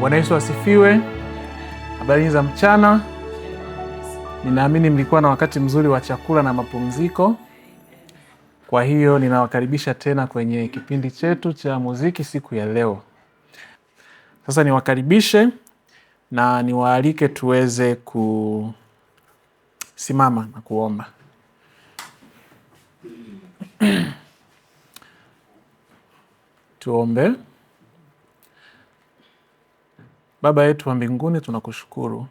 Bwana Yesu asifiwe. Habari za mchana, ninaamini mlikuwa na wakati mzuri wa chakula na mapumziko. Kwa hiyo ninawakaribisha tena kwenye kipindi chetu cha muziki siku ya leo. Sasa niwakaribishe na niwaalike tuweze kusimama na kuomba. Tuombe. Baba yetu wa mbinguni, tunakushukuru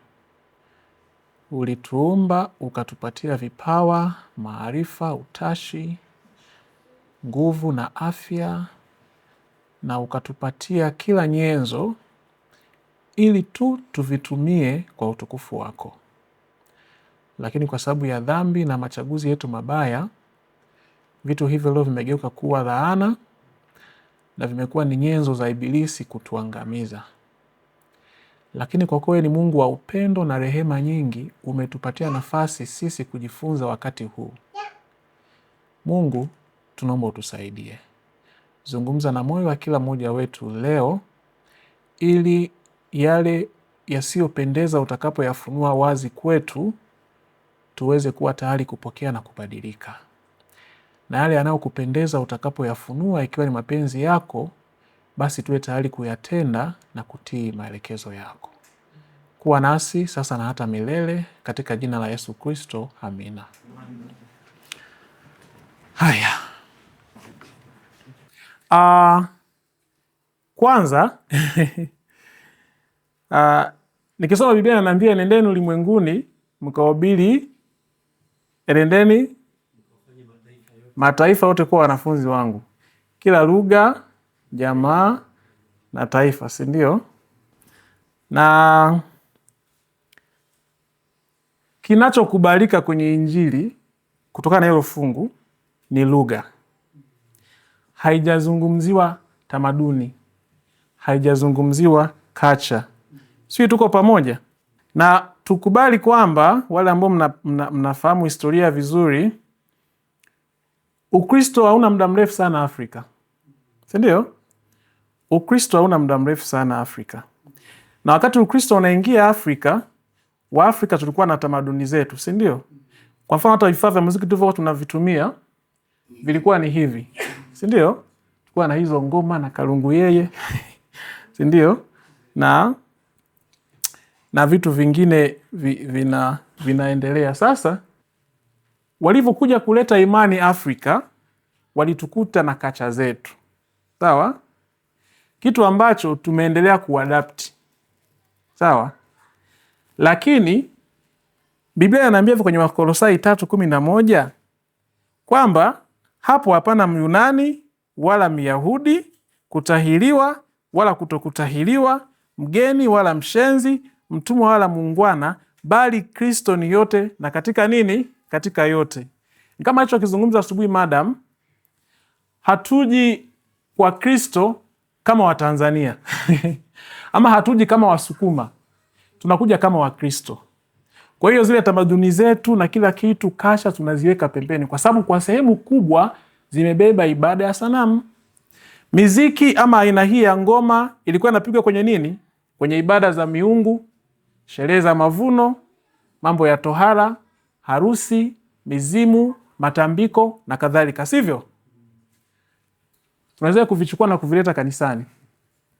ulituumba, ukatupatia vipawa, maarifa, utashi, nguvu na afya, na ukatupatia kila nyenzo ili tu tuvitumie kwa utukufu wako. Lakini kwa sababu ya dhambi na machaguzi yetu mabaya, vitu hivyo leo vimegeuka kuwa laana na vimekuwa ni nyenzo za Ibilisi kutuangamiza. Lakini kwa kuwa ni Mungu wa upendo na rehema nyingi, umetupatia nafasi sisi kujifunza wakati huu. Mungu, tunaomba utusaidie. Zungumza na moyo wa kila mmoja wetu leo, ili yale yasiyopendeza utakapoyafunua wazi kwetu, tuweze kuwa tayari kupokea na kubadilika, na yale yanayokupendeza utakapoyafunua, ikiwa ni mapenzi yako, basi tuwe tayari kuyatenda na kutii maelekezo yako. Kuwa nasi sasa na hata milele, katika jina la Yesu Kristo, amina. Haya, uh, kwanza uh, nikisoma Biblia nanaambia nendeni ulimwenguni mkawabili, enendeni mataifa yote kuwa wanafunzi wangu, kila lugha jamaa na taifa, si ndio? Na kinachokubalika kwenye Injili kutokana na hilo fungu ni lugha. Haijazungumziwa tamaduni, haijazungumziwa kacha, sio? Tuko pamoja na tukubali kwamba wale ambao mnafahamu mna, mna historia vizuri, Ukristo hauna muda mrefu sana Afrika, si ndio? Ukristo hauna muda mrefu sana Afrika, na wakati Ukristo unaingia Afrika, Waafrika tulikuwa na tamaduni zetu, si ndio? Kwa mfano hata vifaa vya muziki tulivyokuwa tunavitumia vilikuwa ni hivi, si ndio? Tulikuwa na hizo ngoma na kalungu yeye si ndio? na na vitu vingine vi, vina, vinaendelea sasa. Walivyokuja kuleta imani Afrika, walitukuta na kacha zetu, sawa kitu ambacho tumeendelea kuadapti sawa. Lakini Biblia inaambia hivyo kwenye Wakolosai tatu kumi na moja kwamba hapo hapana Myunani wala Myahudi, kutahiriwa wala kutokutahiriwa, mgeni wala mshenzi, mtumwa wala muungwana, bali Kristo ni yote na katika nini? Katika yote. kama hicho akizungumza asubuhi, madam, hatuji kwa Kristo kama Watanzania ama hatuji kama Wasukuma, tunakuja kama Wakristo. Kwa hiyo zile tamaduni zetu na kila kitu kasha tunaziweka pembeni, kwa sababu kwa sehemu kubwa zimebeba ibada ya sanamu. Miziki ama aina hii ya ngoma ilikuwa inapigwa kwenye nini? Kwenye ibada za miungu, sherehe za mavuno, mambo ya tohara, harusi, mizimu, matambiko na kadhalika, sivyo? tunaweza kuvichukua na kuvileta kanisani.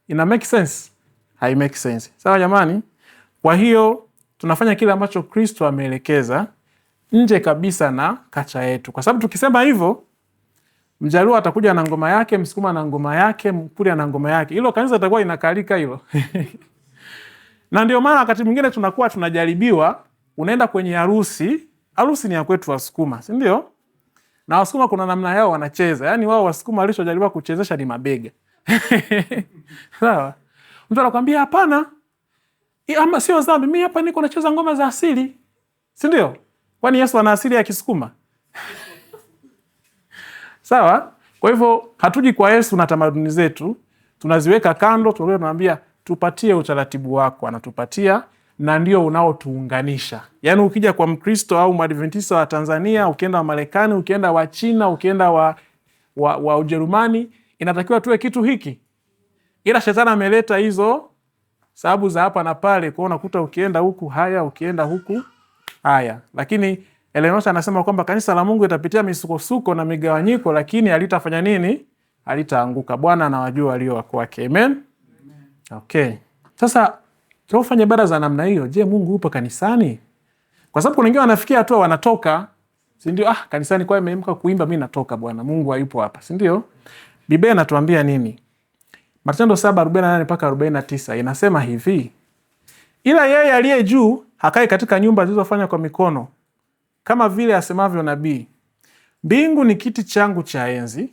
Ina make sense? Hai make sense. Sawa jamani? Kwa hiyo tunafanya kile ambacho Kristo ameelekeza nje kabisa na kacha yetu, kwa sababu tukisema hivyo Mjaluo atakuja na ngoma yake, Msukuma na ngoma yake, Mkuria na ngoma yake, hilo kanisa itakuwa inakalika hilo. Na ndio maana wakati mwingine tunakuwa tunajaribiwa. Unaenda kwenye harusi, harusi ni ya kwetu Wasukuma, si ndio? na Wasukuma kuna namna yao wanacheza, yaani wao Wasukuma walichojaribu kuchezesha ni mabega sawa. Mtu anakwambia hapana, ama sio dhambi, mi hapa niko nacheza ngoma za asili, sindio Kwani Yesu ana asili ya Kisukuma? Sawa. Kwa hivyo hatuji kwa Yesu na tamaduni zetu tunaziweka kando, tunaambia tupatie utaratibu wako, anatupatia na ndio unaotuunganisha. Yaani ukija kwa Mkristo au Mwadventista wa Tanzania, ukienda wa Marekani, ukienda wa China, ukienda wa, wa, wa Ujerumani, inatakiwa tuwe kitu hiki, ila shetani ameleta hizo sababu za hapa na pale, kwa unakuta ukienda huku haya, ukienda huku haya, lakini Elenos anasema kwamba kanisa la Mungu itapitia misukosuko na migawanyiko, lakini halitafanya nini? Halitaanguka. Bwana anawajua walio wake. Amen, amen. Okay, sasa tunapofanya ibada za namna hiyo, je, Mungu yupo kanisani? Kwa sababu kuna wengine wanafikia hatua wanatoka, sindio? Ah, kanisani kwa imeamka kuimba, mi natoka bwana, Mungu hayupo hapa, sindio? Biblia inatuambia nini? Matendo 7:48 arobaini mpaka arobaini inasema hivi: ila yeye aliye juu hakai katika nyumba zilizofanywa kwa mikono, kama vile asemavyo nabii, mbingu ni kiti changu cha enzi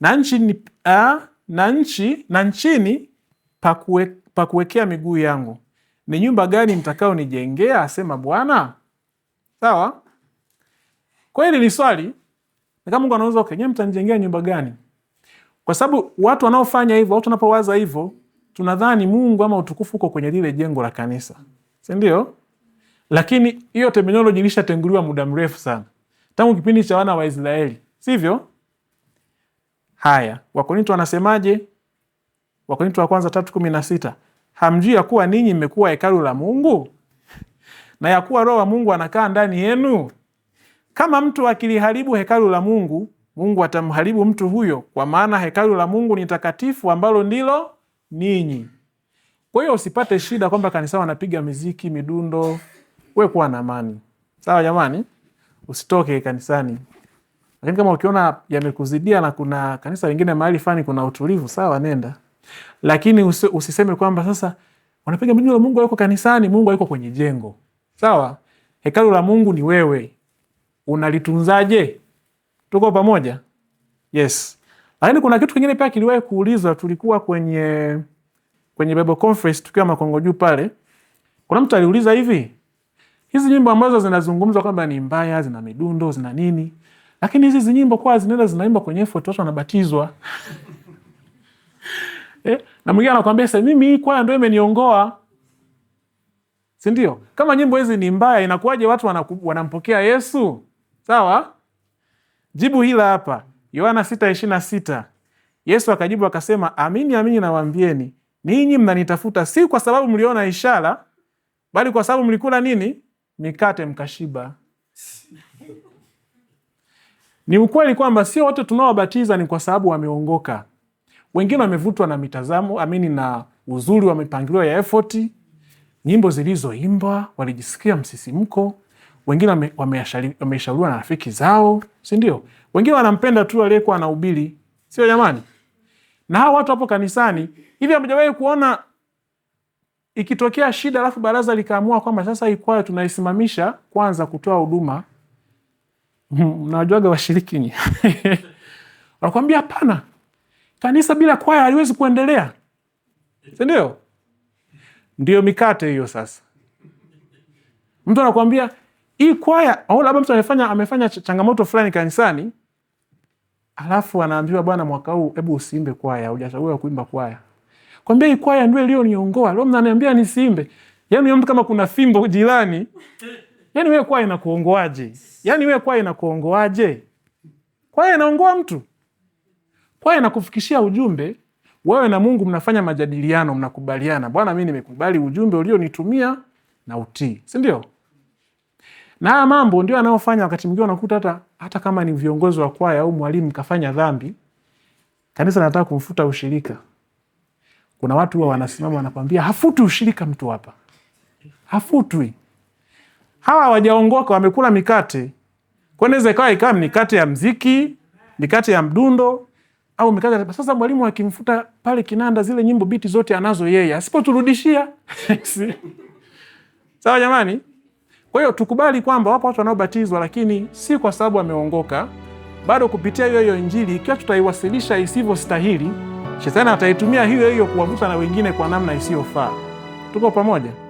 na nchi, ni, a, ah, na, nchi, na nchini pakuwekea miguu yangu, ni nyumba gani mtakao nijengea? asema Bwana. Sawa, kwa hili ni swali kama Mungu anauza, okay, nyewe mtanijengea nyumba gani? Kwa sababu watu wanaofanya hivyo, watu wanapowaza hivyo, tunadhani Mungu ama utukufu uko kwenye lile jengo la kanisa, si ndio? Lakini hiyo terminology ilishatenguliwa muda mrefu sana, tangu kipindi cha wana wa Israeli, sivyo? Haya, Wakorinto wanasemaje? Wakorintho wa kwanza tatu kumi na sita hamjui ya kuwa ninyi mmekuwa hekalu la Mungu na ya kuwa Roho wa Mungu anakaa ndani yenu? Kama mtu akiliharibu hekalu la Mungu, Mungu atamharibu mtu huyo, kwa maana hekalu la Mungu ni takatifu, ambalo ndilo ninyi. Kwa hiyo usipate shida kwamba kanisa wanapiga miziki, midundo. We kuwa na amani, sawa jamani, usitoke kanisani. Lakini kama ukiona yamekuzidia na kuna kanisa lingine mahali fani kuna utulivu, sawa, nenda. Lakini usiseme kwamba sasa wanapiga mbinu la Mungu yuko kanisani, Mungu yuko kwenye jengo. Sawa? Hekalu la Mungu ni wewe. Unalitunzaje? Tuko pamoja? Yes. Lakini kuna kitu kingine pia kiliwahi kuulizwa, tulikuwa kwenye kwenye Bible conference tukiwa Makongo juu pale. Kuna mtu aliuliza hivi, hizi nyimbo ambazo zinazungumzwa kwamba ni mbaya, zina midundo, zina nini? Lakini hizi nyimbo kwa zinaenda zinaimba kwenye effort, watu wanabatizwa. eh? na mwingine anakwambia sasa, mimi hii kwaya ndo imeniongoa, si ndio? Kama nyimbo hizi ni mbaya, inakuwaje watu wanaku, wanampokea Yesu? Sawa, jibu hila hapa, Yohana sita Yesu akajibu akasema, amini amini nawaambieni ninyi mnanitafuta si kwa sababu mliona ishara, bali kwa sababu mlikula nini? Mikate mkashiba. Ni ukweli kwamba sio wote tunaowabatiza ni kwa sababu wameongoka. Wengine wamevutwa na mitazamo amini na uzuri wa mipangilio ya efoti, nyimbo zilizoimbwa, walijisikia msisimko. Wengine wameshauriwa na rafiki zao, sindio? Wengine wanampenda tu aliyekuwa anahubiri, sio jamani? Na hao watu hapo kanisani hivi, hamjawahi kuona ikitokea shida alafu baraza likaamua kwamba sasa ikwayo tunaisimamisha kwanza kutoa huduma? Mnawajuaga washirikini Wanakwambia hapana Kanisa bila kwaya haliwezi kuendelea, sindio? Ndiyo mikate hiyo. Sasa mtu anakuambia hii kwaya, au labda mtu amefanya amefanya changamoto fulani kanisani, alafu anaambiwa bwana, mwaka huu hebu usiimbe kwaya, hujachaguliwa kuimba kwaya. Kwambia hii kwaya ndio iliyoniongoa leo, mnaniambia nisiimbe. Yani mtu kama kuna fimbo jirani, yani wewe kwaya inakuongoaje? Yani wewe kwaya inakuongoaje? Kwaya inaongoa mtu. Kwa nakufikishia ujumbe, wewe na Mungu mnafanya majadiliano, mnakubaliana, Bwana, mi nimekubali ujumbe ulionitumia na utii, sindio? Na haya mambo ndio anayofanya wakati mwingine unakuta hata, hata kama ni viongozi wa kwaya au mwalimu kafanya dhambi, kanisa nataka kumfuta ushirika. Kuna watu huwa wanasimama wanakwambia, hafutwi ushirika mtu hapa, hafutwi. Hawa hawajaongoka, wamekula mikate, kwa naweza ikawa ikawa mikate ya mziki, mikate ya mdundo au umekata. Sasa mwalimu akimfuta pale kinanda, zile nyimbo biti zote anazo yeye, asipoturudishia sawa. Jamani, kwa hiyo tukubali kwamba wapo watu wanaobatizwa, lakini si kwa sababu ameongoka bado. Kupitia hiyo hiyo Injili, ikiwa tutaiwasilisha isivyostahili, shetani ataitumia hiyo hiyo kuwavuta na wengine kwa namna isiyofaa. Tuko pamoja?